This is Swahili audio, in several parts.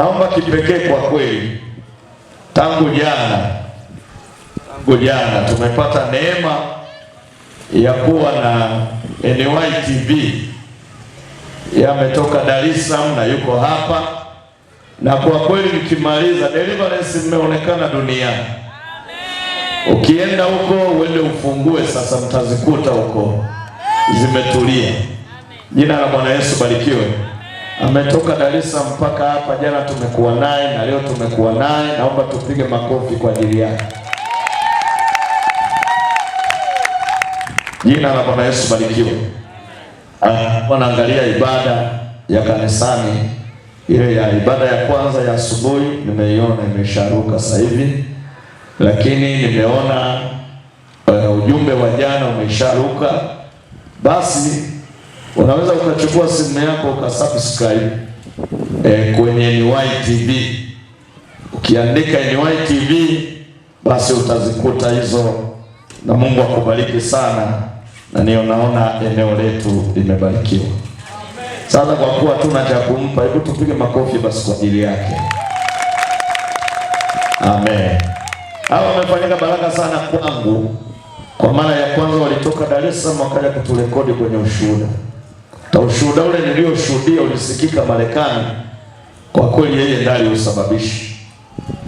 Naomba kipekee kwa kweli, tangu jana, tangu jana tumepata neema ya kuwa na NY TV yametoka Dar es Salaam na yuko hapa, na kwa kweli mkimaliza Deliverance mmeonekana duniani. Ukienda huko uende ufungue sasa, mtazikuta huko zimetulia. Jina la Bwana Yesu barikiwe ametoka Dar es Salaam mpaka hapa. Jana tumekuwa naye na leo tumekuwa naye, naomba tupige makofi kwa ajili yake. Jina la Bwana Yesu barikiwe. Ah, Wanaangalia ibada ya kanisani ile ya ibada ya kwanza ya asubuhi, nimeiona imesharuka sasa hivi, lakini nimeona uh, ujumbe wa jana umesharuka basi Unaweza ukachukua simu yako ukasubscribe eh, kwenye NY TV. Ukiandika NY TV basi utazikuta hizo, na Mungu akubariki sana, na niyo naona eneo letu limebarikiwa. Sasa kwa kuwa tuna cha kumpa, hebu tupige makofi basi kwa ajili yake. Amen. Hawa wamefanyika baraka sana kwangu. Kwa mara ya kwanza walitoka Dar es Salaam wakaja kuturekodi kwenye ushuhuda na ushuhuda ule niliyoshuhudia ulisikika Marekani. Kwa kweli yeye ndiye aliyosababisha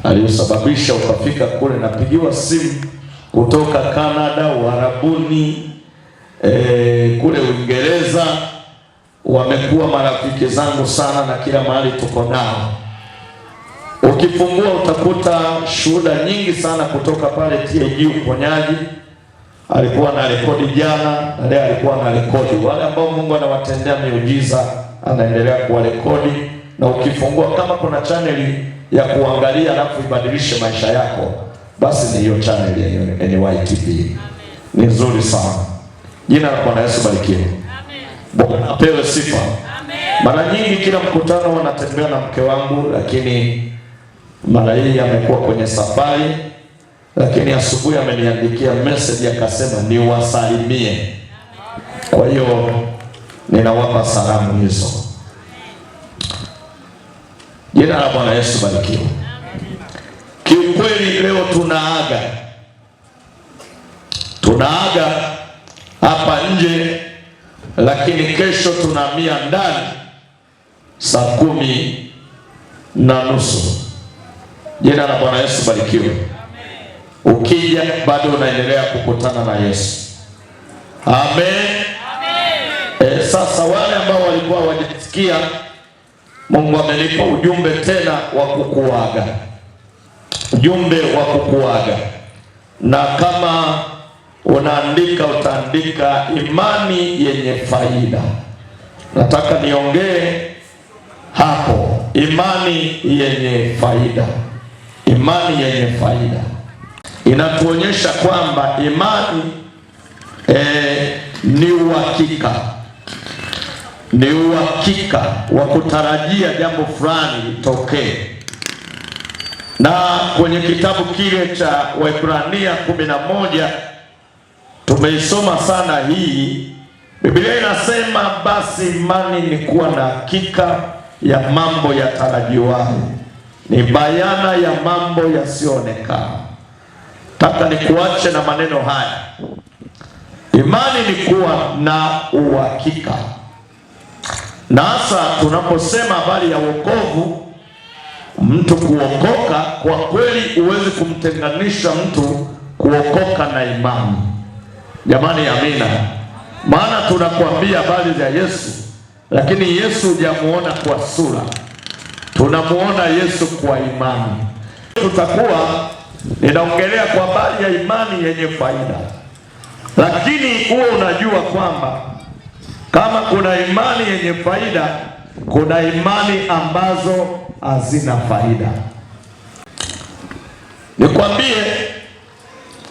aliyosababisha ukafika kule. Napigiwa simu kutoka Kanada, Uarabuni, e, kule Uingereza wamekuwa marafiki zangu sana na kila mahali tuko nao. Ukifungua utakuta shuhuda nyingi sana kutoka pale TAG uponyaji alikuwa na rekodi jana na leo alikuwa na rekodi. Wale ambao Mungu anawatendea miujiza anaendelea kuwarekodi, na ukifungua kama kuna chaneli ya kuangalia alafu ibadilishe maisha yako, basi ni hiyo chaneli ya NY TV. Ni nzuri sana. Jina la Bwana Yesu barikiwe, Bwana apewe sifa. Mara nyingi kila mkutano wanatembea na mke wangu, lakini mara hii amekuwa kwenye safari lakini asubuhi ameniandikia message akasema niwasalimie. Kwa hiyo ninawapa salamu hizo. Jina la Bwana Yesu barikiwe. Kiukweli leo tunaaga, tunaaga hapa nje, lakini kesho tunamia ndani saa kumi na nusu. Jina la Bwana Yesu barikiwe ukija bado unaendelea kukutana na Yesu. Amen. Amen. E, sasa wale ambao walikuwa wajisikia Mungu amenipa ujumbe tena wa kukuaga, ujumbe wa kukuaga, na kama unaandika utaandika imani yenye faida. Nataka niongee hapo, imani yenye faida, imani yenye faida inatuonyesha kwamba imani e, ni uhakika ni uhakika wa kutarajia jambo fulani litokee, na kwenye kitabu kile cha Waibrania kumi na moja tumeisoma sana hii. Biblia inasema basi imani ni kuwa na hakika ya mambo yatarajiwayo, ni bayana ya mambo yasiyoonekana. Nataka nikuache na maneno haya. Imani ni kuwa na uhakika, na hasa tunaposema habari ya wokovu, mtu kuokoka, kwa kweli huwezi kumtenganisha mtu kuokoka na imani. Jamani, amina. Maana tunakuambia habari za Yesu, lakini Yesu hujamuona kwa sura, tunamuona Yesu kwa imani. Tutakuwa Ninaongelea kwa habari ya imani yenye faida, lakini huwe unajua kwamba kama kuna imani yenye faida, kuna imani ambazo hazina faida. Nikwambie,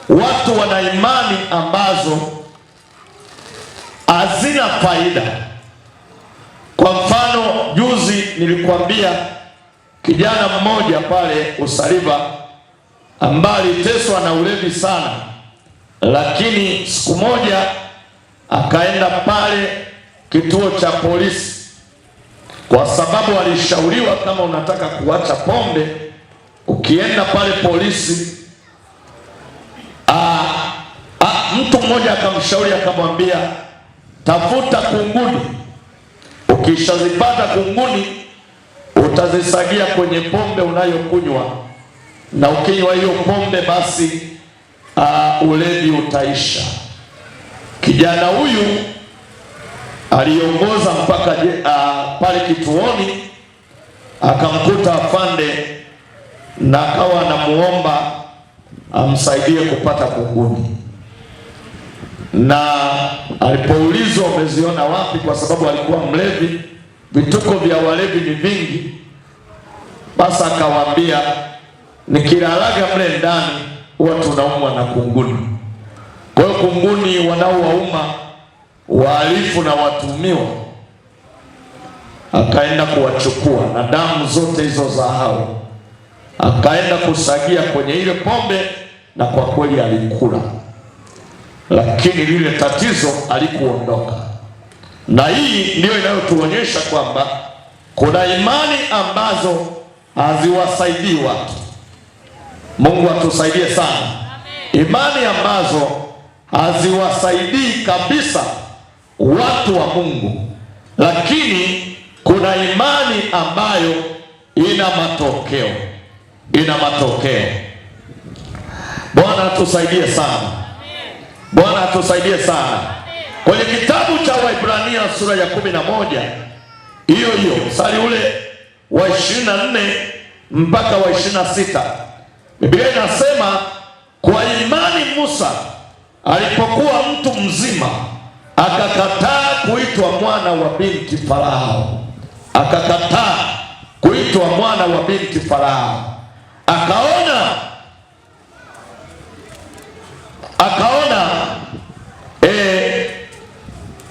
watu wana imani ambazo hazina faida. Kwa mfano, juzi nilikwambia kijana mmoja pale Usaliva ambaye aliteswa na ulevi sana, lakini siku moja akaenda pale kituo cha polisi, kwa sababu alishauriwa kama unataka kuacha pombe, ukienda pale polisi. Aa, ah, a, ah, mtu mmoja akamshauri akamwambia, tafuta kunguni, ukishazipata kunguni utazisagia kwenye pombe unayokunywa na ukinywa hiyo pombe basi uh, ulevi utaisha. Kijana huyu aliongoza mpaka uh, pale kituoni akamkuta afande na akawa anamuomba amsaidie kupata kunguni, na alipoulizwa umeziona wapi, kwa sababu alikuwa mlevi, vituko vya walevi ni vingi, basi akawaambia nikilalaga mle ndani huwa tunaumwa na kunguni. Kwa hiyo kunguni wanaowauma wahalifu na watumiwa, akaenda kuwachukua na damu zote hizo za hao, akaenda kusagia kwenye ile pombe, na kwa kweli alikula, lakini lile tatizo alikuondoka. Na hii ndiyo inayotuonyesha kwamba kuna imani ambazo haziwasaidii watu Mungu atusaidie sana. Imani ambazo haziwasaidii kabisa watu wa Mungu, lakini kuna imani ambayo ina matokeo, ina matokeo. Bwana atusaidie sana, Bwana atusaidie sana. Kwenye kitabu cha Waibrania sura ya kumi na moja hiyo hiyo mstari ule wa ishirini na nne mpaka wa ishirini na sita Biblia inasema kwa imani Musa alipokuwa mtu mzima akakataa kuitwa mwana wa binti Farao, akakataa kuitwa mwana wa binti Farao. Akaona, akaona e,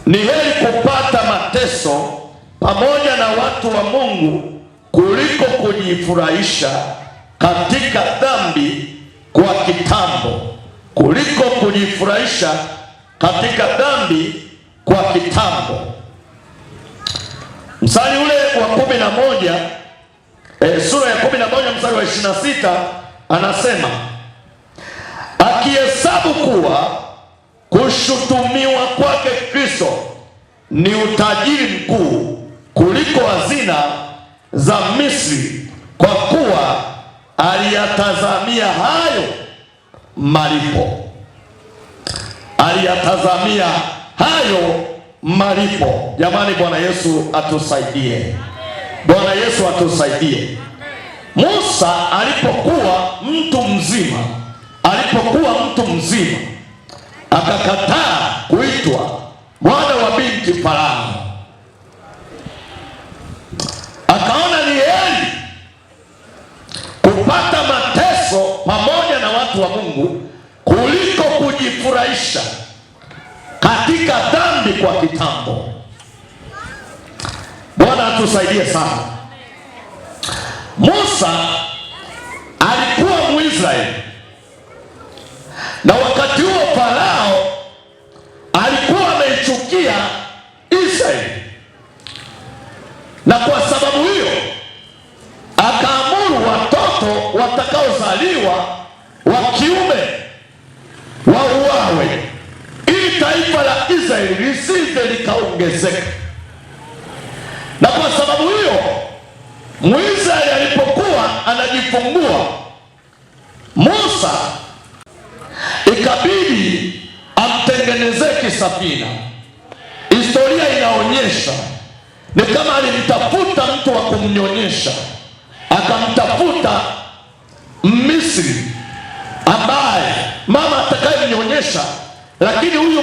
ni heri kupata mateso pamoja na watu wa Mungu kuliko kujifurahisha katika dhambi kwa kitambo kuliko kujifurahisha katika dhambi kwa kitambo. Mstari ule wa kumi na moja e, sura ya kumi na moja mstari wa ishirini na sita anasema akihesabu kuwa kushutumiwa kwake Kristo ni utajiri mkuu kuliko hazina za Misri kwa aliyatazamia hayo malipo, aliyatazamia hayo malipo. Jamani, Bwana Yesu atusaidie, Bwana Yesu atusaidie. Musa alipokuwa mtu mzima, alipokuwa mtu mzima akakataa kuitwa mwana wa binti Farao. wa Mungu kuliko kujifurahisha katika dhambi kwa kitambo. Bwana atusaidie sana. Musa alikuwa Mwisraeli na wakati huo Farao alikuwa ameichukia Israeli, na kwa sababu hiyo akaamuru watoto watakaozaliwa taifa la Israeli lisije likaongezeka. Na kwa sababu hiyo, Mwisraeli alipokuwa anajifungua Musa, ikabidi amtengenezee kisafina. Historia inaonyesha ni kama alimtafuta mtu wa kumnyonyesha, akamtafuta Mmisri ambaye mama atakayemnyonyesha, lakini huyu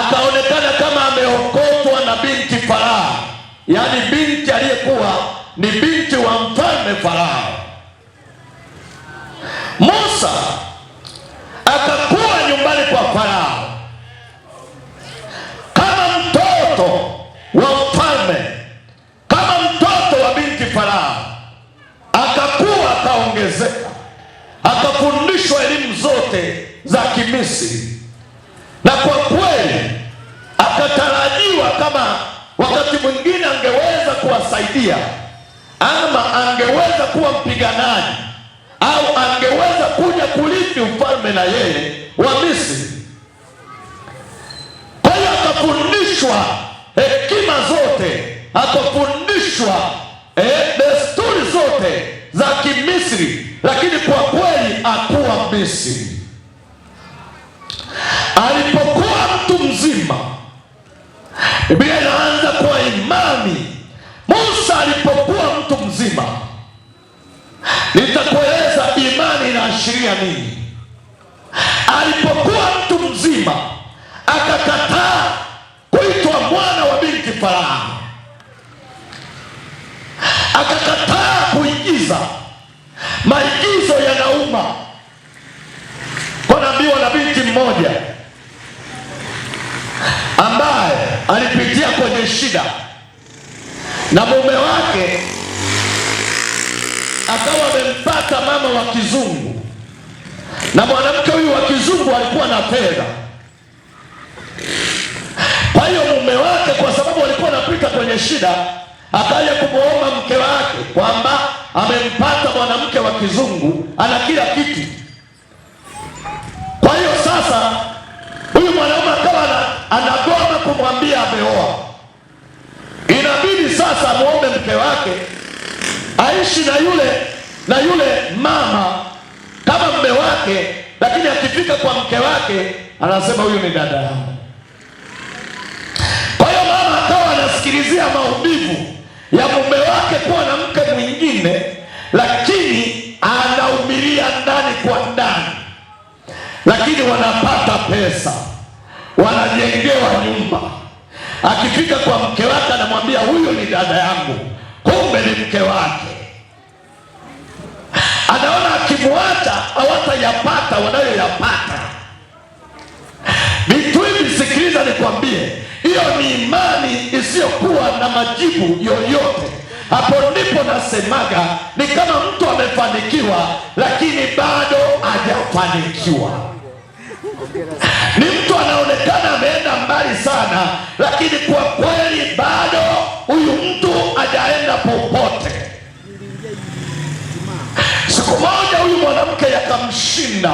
akaonekana kama ameokotwa na binti Farao, yaani binti aliyekuwa ni binti wa mfalme Farao. Musa akakuwa nyumbani kwa Farao kama mtoto wa mfalme, kama mtoto wa binti Farao, akakuwa akaongezeka, akafundishwa elimu zote za Kimisri na kwa kweli akatarajiwa kama wakati mwingine angeweza kuwasaidia ama angeweza kuwa mpiganaji au angeweza kuja kulithi ufalme na yeye wa Misri. Kwa hiyo akafundishwa hekima zote, akafundishwa eh, desturi zote za Kimisri, lakini kwa kweli akuwa Misri. Alipokuwa mtu mzima, Biblia inaanza kwa imani. Musa alipokuwa mtu mzima, nitakueleza imani inaashiria nini. Alipokuwa mtu mzima, akakataa kuitwa mwana wa binti Farao, akakataa kuigiza. Maigizo yanauma. Kwa naambiwa na binti mmoja alipitia kwenye shida na mume wake akawa amempata mama wa kizungu, na mwanamke huyu wa kizungu alikuwa na fedha. Kwa hiyo mume wake, kwa sababu alikuwa anapita kwenye shida, akaja kumwomba mke wake kwamba amempata mwanamke wa kizungu, ana kila kitu. Kwa hiyo sasa huyu mwanaume akawa anagoma kumwambia ameoa, inabidi sasa muombe mke wake aishi na yule na yule mama kama mme wake, lakini akifika kwa mke wake anasema huyu ni dada yangu. Kwa hiyo mama akawa anasikilizia maumivu ya mume wake kuwa na mke mwingine, lakini anaumilia ndani kwa ndani, lakini wanapata pesa wanajengewa nyumba. Akifika kwa mke wake anamwambia huyu ni dada yangu, kumbe ni mke wake. Anaona akimwacha hawatayapata wanayoyapata. Vitu hivi, sikiliza nikwambie, hiyo ni imani isiyokuwa na majibu yoyote. Hapo ndipo nasemaga ni kama mtu amefanikiwa, lakini bado hajafanikiwa anaonekana ameenda mbali sana, lakini kwa kweli bado huyu mtu hajaenda popote. Siku moja huyu mwanamke yakamshinda,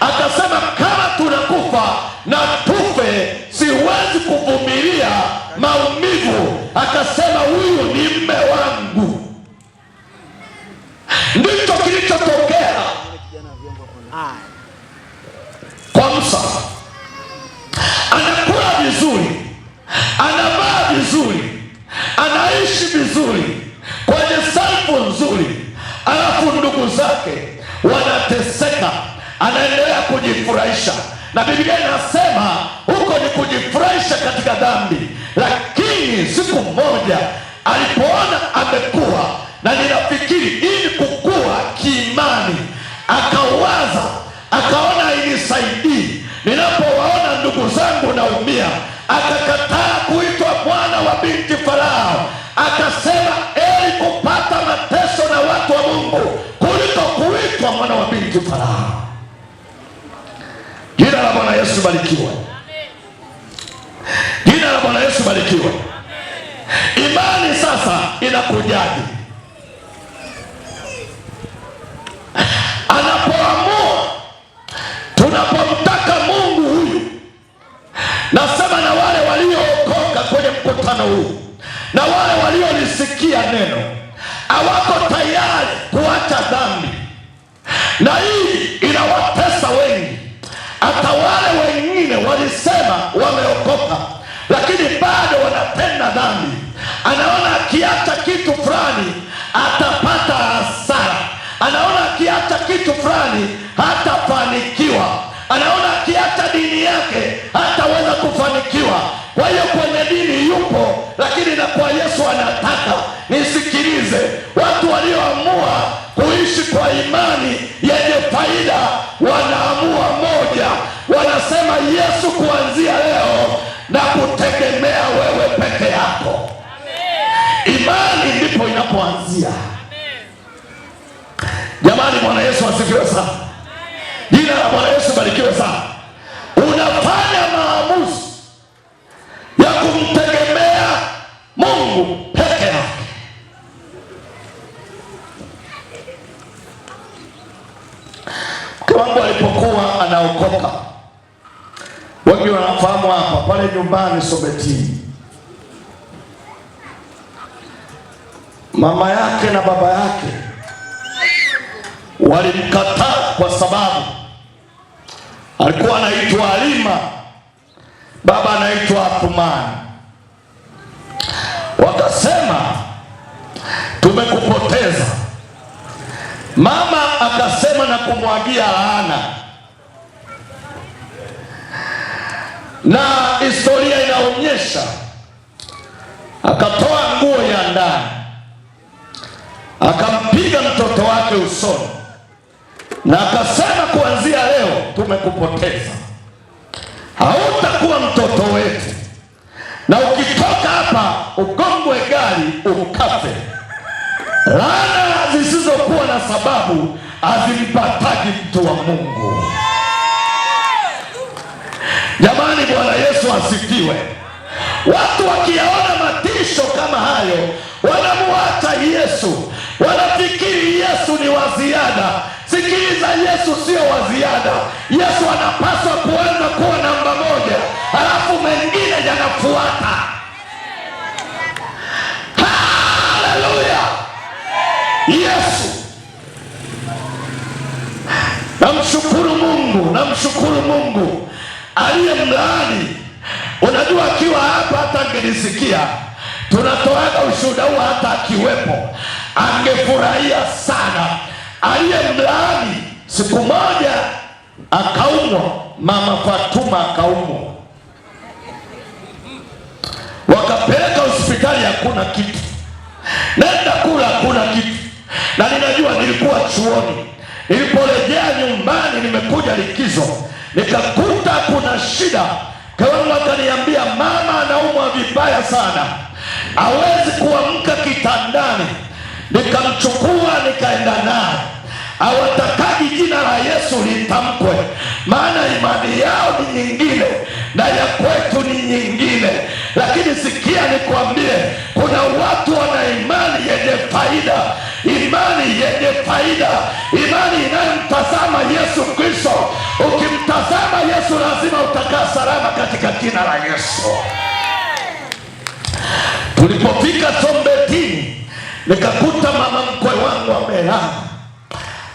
akasema kama tunakufa na tufe, siwezi kuvumilia maumivu. Akasema huyu ni mme wangu. Ndicho kilichotokea kwa Musa anakula vizuri, anavaa vizuri, anaishi vizuri kwenye saifu nzuri, alafu ndugu zake wanateseka, anaendelea kujifurahisha, na Biblia inasema huko ni kujifurahisha katika dhambi, lakini siku moja alipo akaumia, akakataa kuitwa bwana wa binti Farao, akasema eli kupata mateso na watu wa Mungu kuliko kuitwa mwana wa binti Farao. Jina la Bwana Yesu barikiwe, jina la Bwana Yesu barikiwe. Imani sasa inakujaje? anapoamua Nasema na wale waliookoka kwenye mkutano huu na wale waliolisikia neno hawako tayari kuacha dhambi, na hii inawatesa wengi. Hata wale wengine walisema wameokoka, lakini bado wanatenda dhambi. Anaona akiacha kitu fulani atapata hasara, anaona akiacha kitu fulani hatafanikiwa, anaona dini yake hataweza kufanikiwa. Kwa hiyo kwenye dini yupo, lakini na kwa Yesu anataka nisikilize, watu walioamua kuishi kwa imani yenye faida wanaamua moja, wanasema Yesu, kuanzia leo na kutegemea wewe peke yako. Imani ndipo inapoanzia. Jamani, Bwana Yesu asifiwe sana. Jina la Bwana Yesu barikiwe sana. wangu alipokuwa anaokoka, wengi wanafahamu hapa, pale nyumbani Sobeti, mama yake na baba yake walimkataa kwa sababu alikuwa anaitwa Alima, baba anaitwa Athumani. Wakasema tumekupoteza mama kumwagia laana, na historia inaonyesha akatoa nguo ya ndani akampiga mtoto wake usoni na akasema, kuanzia leo tumekupoteza, hautakuwa mtoto wetu, na ukitoka hapa ugongwe gari ukafe. Laana zisizokuwa na sababu azimpataji mtu wa Mungu. Jamani, Bwana Yesu asifiwe. Watu wakiyaona matisho kama hayo wanamuacha Yesu, wanafikiri Yesu ni wa ziada. Sikiliza, Yesu sio wa ziada. Yesu anapaswa kuanza kuwa namba moja, halafu mengine yanafuata. Haleluya! Yesu Namshukuru Mungu, namshukuru Mungu aliye mlaani. Unajua, akiwa hapa hata angenisikia, tunatoaga ushuhuda huo, hata akiwepo angefurahia sana. Aliye mlaani siku moja akaumwa, mama Fatuma akaumwa, wakapeleka hospitali, hakuna kitu, nenda kula, hakuna kitu. Na ninajua nilikuwa chuoni Niliporejea nyumbani, nimekuja likizo, nikakuta kuna shida. Mke akaniambia, mama anaumwa vibaya sana, hawezi kuamka kitandani. Nikamchukua nikaenda naye hawatakaji jina la Yesu litamkwe, maana imani yao ni nyingine na ya kwetu ni nyingine. Lakini sikia, nikwambie, kuna watu wana imani yenye faida, imani yenye faida, imani inayomtazama Yesu Kristo. Ukimtazama Yesu lazima utakaa salama katika jina la Yesu. Tulipofika Sombetini, nikakuta mama mkwe wangu amelaa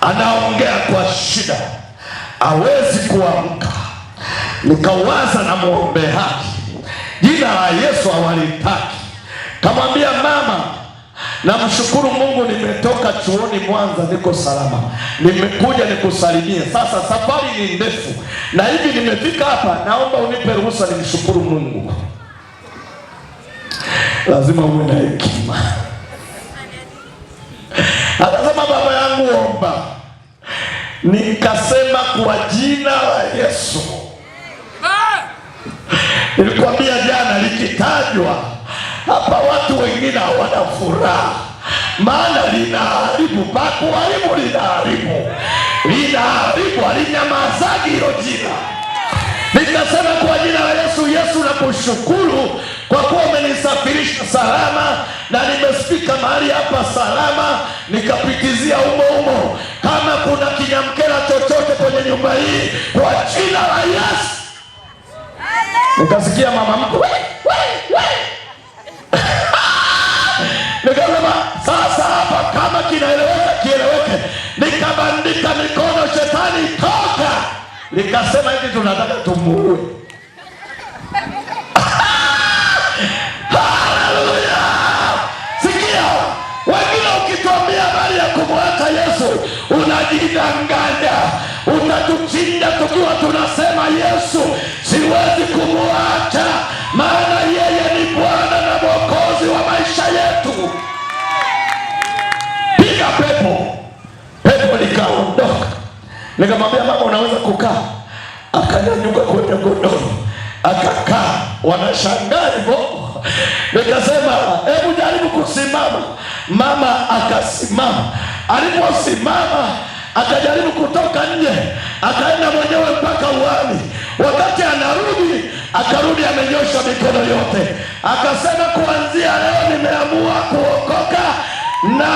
anaongea kwa shida, awezi kuamka. Nikawaza na mwombe haki, jina la Yesu awalitaki Kamwambia mama, namshukuru Mungu, nimetoka chuoni Mwanza, niko salama, nimekuja nikusalimie. Sasa safari ni ndefu, na hivi nimefika hapa, naomba unipe ruhusa nimshukuru Mungu. Lazima uwe na hekima. Atasema baba yangu omba nikasema kwa jina la Yesu. Nilikwambia jana likitajwa hapa, watu wengine hawana furaha, maana linaharibu pa kuharibu, linaharibu, linaharibu, alinyamazaji hilo jina Nikasema kwa jina la Yesu, Yesu nakushukuru kwa kuwa umenisafirisha salama na nimefika mahali hapa salama, nikapitizia umo umo. Kama kuna kinyamkela chochote kwenye nyumba hii, kwa jina la Yesu, nikasikia mama mko nikasema sasa hapa, kama kinaeleweka kieleweke. Nikabandika mikono, shetani toka likasema hivi tunataka tumuue. Haleluya! Sikia, wengine ukitwambia habari ya kumweka Yesu unajidanganya, utatushinda tukiwa tunasema Yesu siwezi kumwacha, maana yeye ni Bwana na Mwokozi wa maisha yetu. Piga pepo, pepo likaondoka. Nikamwambia baba, unaweza kukaa. Akanyanyuka kwenda godoro, akakaa. Wanashangaa hivyo. Nikasema hebu jaribu kusimama. Mama akasimama. Aliposimama akajaribu kutoka nje, akaenda mwenyewe mpaka uani. Wakati anarudi, akarudi amenyosha mikono yote, akasema kuanzia leo nimeamua kuokoka na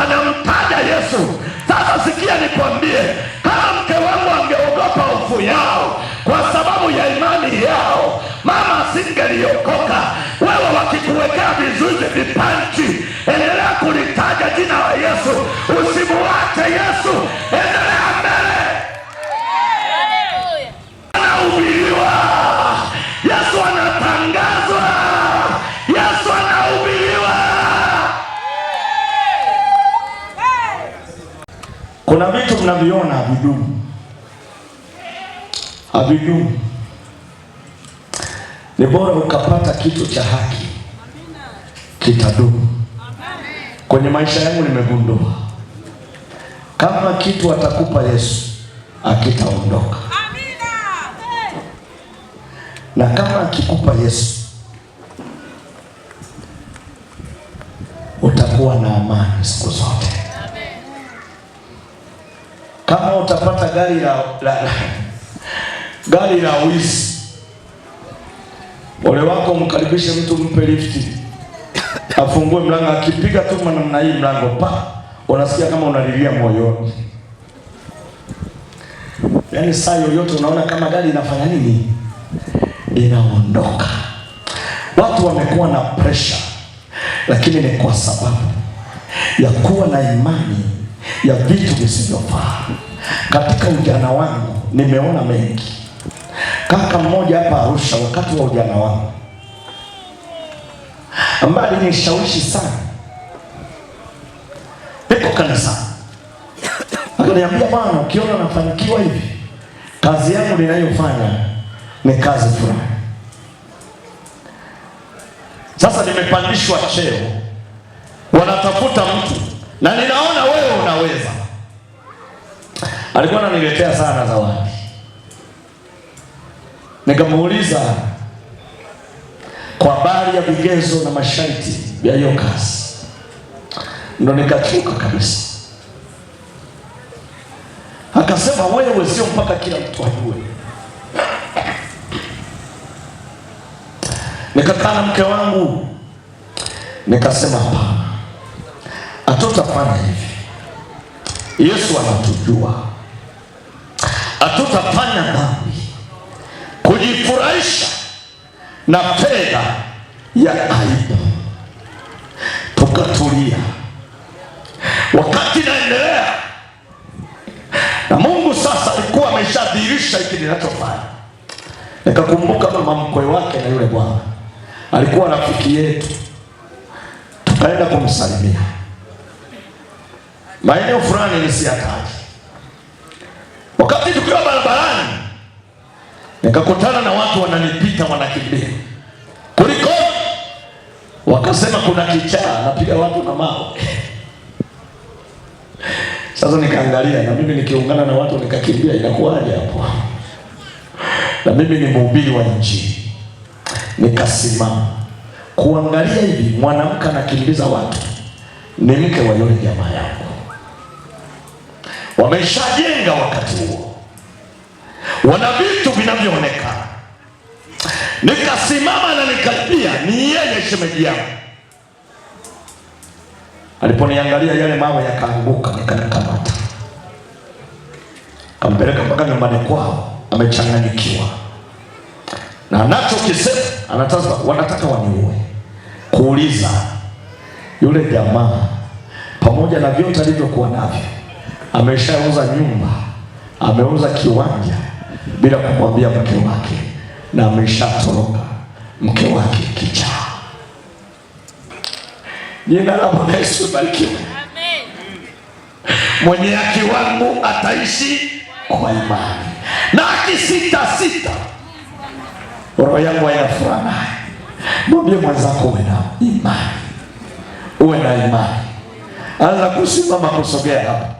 anamtaja Yesu. Sasa sikia, nikwambie, kama mke wangu angeogopa hofu yao kwa sababu ya imani yao, mama asingeliokoka. Wewe wakikuwekea vizuizi, vipanchi, endelea kulitaja jina la Yesu. Kuna vitu mnaviona havidumu, havidumu. Ni bora ukapata kitu cha haki, kitadumu. Kwenye maisha yangu nimegundua kama kitu atakupa Yesu akitaondoka, na kama akikupa Yesu utakuwa na amani siku zote. Kama utapata gari la la, la gari la wizi, ole wako. Mkaribishe mtu, mpe lifti, afungue mlango. Akipiga tu namna hii mlango pa, unasikia kama unalilia moyoni, yaani saa yoyote unaona kama gari inafanya nini, inaondoka. Watu wamekuwa na pressure, lakini ni kwa sababu ya kuwa na imani ya vitu visivyofaa. Katika ujana wangu nimeona mengi. Kaka mmoja hapa Arusha, wakati wa ujana wangu, ambaye alinishawishi sana, niko kanisa, akaniambia bwana, ukiona nafanikiwa hivi, kazi yangu ninayofanya ni kazi fulani. Sasa nimepandishwa cheo, wanatafuta mtu na ninaona wewe unaweza. Alikuwa ananiletea sana zawadi, nikamuuliza kwa habari ya vigezo na masharti ya hiyo kazi, ndo nikachuka kabisa. Akasema wewe sio mpaka kila mtu ajue. Nikakaa na mke wangu nikasema hapana hatutafanya hivi. Yesu anatujua, hatutafanya dhambi, kujifurahisha na fedha ya aibu, tukatulia. Wakati naendelea na Mungu sasa alikuwa ameshadhihirisha hiki ninachofanya, nikakumbuka mama mkwe wake na yule bwana alikuwa rafiki yetu, tukaenda kumsalimia maeneo fulani nisiyataje. Wakati tukiwa barabarani, nikakutana na watu wananipita, wanakimbia kuliko wakasema kuna kichaa napiga watu na mawe. Sasa nikaangalia na mimi nikiungana na watu nikakimbia, inakuwaje hapo? Na mimi ni mhubiri wa Injili, nikasimama kuangalia hivi mwanamke anakimbiza watu, ni mke wa yule jamaa yangu wameshajenga wakati huo, wana vitu vinavyoonekana. Nikasimama na nikapia ni yeye shemeji yangu. Aliponiangalia yale mawe yakaanguka, nikanikamata kampeleka mpaka nyumbani kwao, amechanganyikiwa na anachokisema, anataka wanataka waniue. Kuuliza yule jamaa pamoja na vyote alivyokuwa navyo ameshauza nyumba, ameuza kiwanja bila kumwambia mke wake, na ameshatoroka mke wake kichaa. Jina la Bwana Yesu barikiwe. Mwenye haki wangu ataishi kwa imani, na akisita sita roho yangu hainafuraha naye. Mwambie mwenzako uwe na imani, uwe na imani. Anza kusimama kusogea hapa.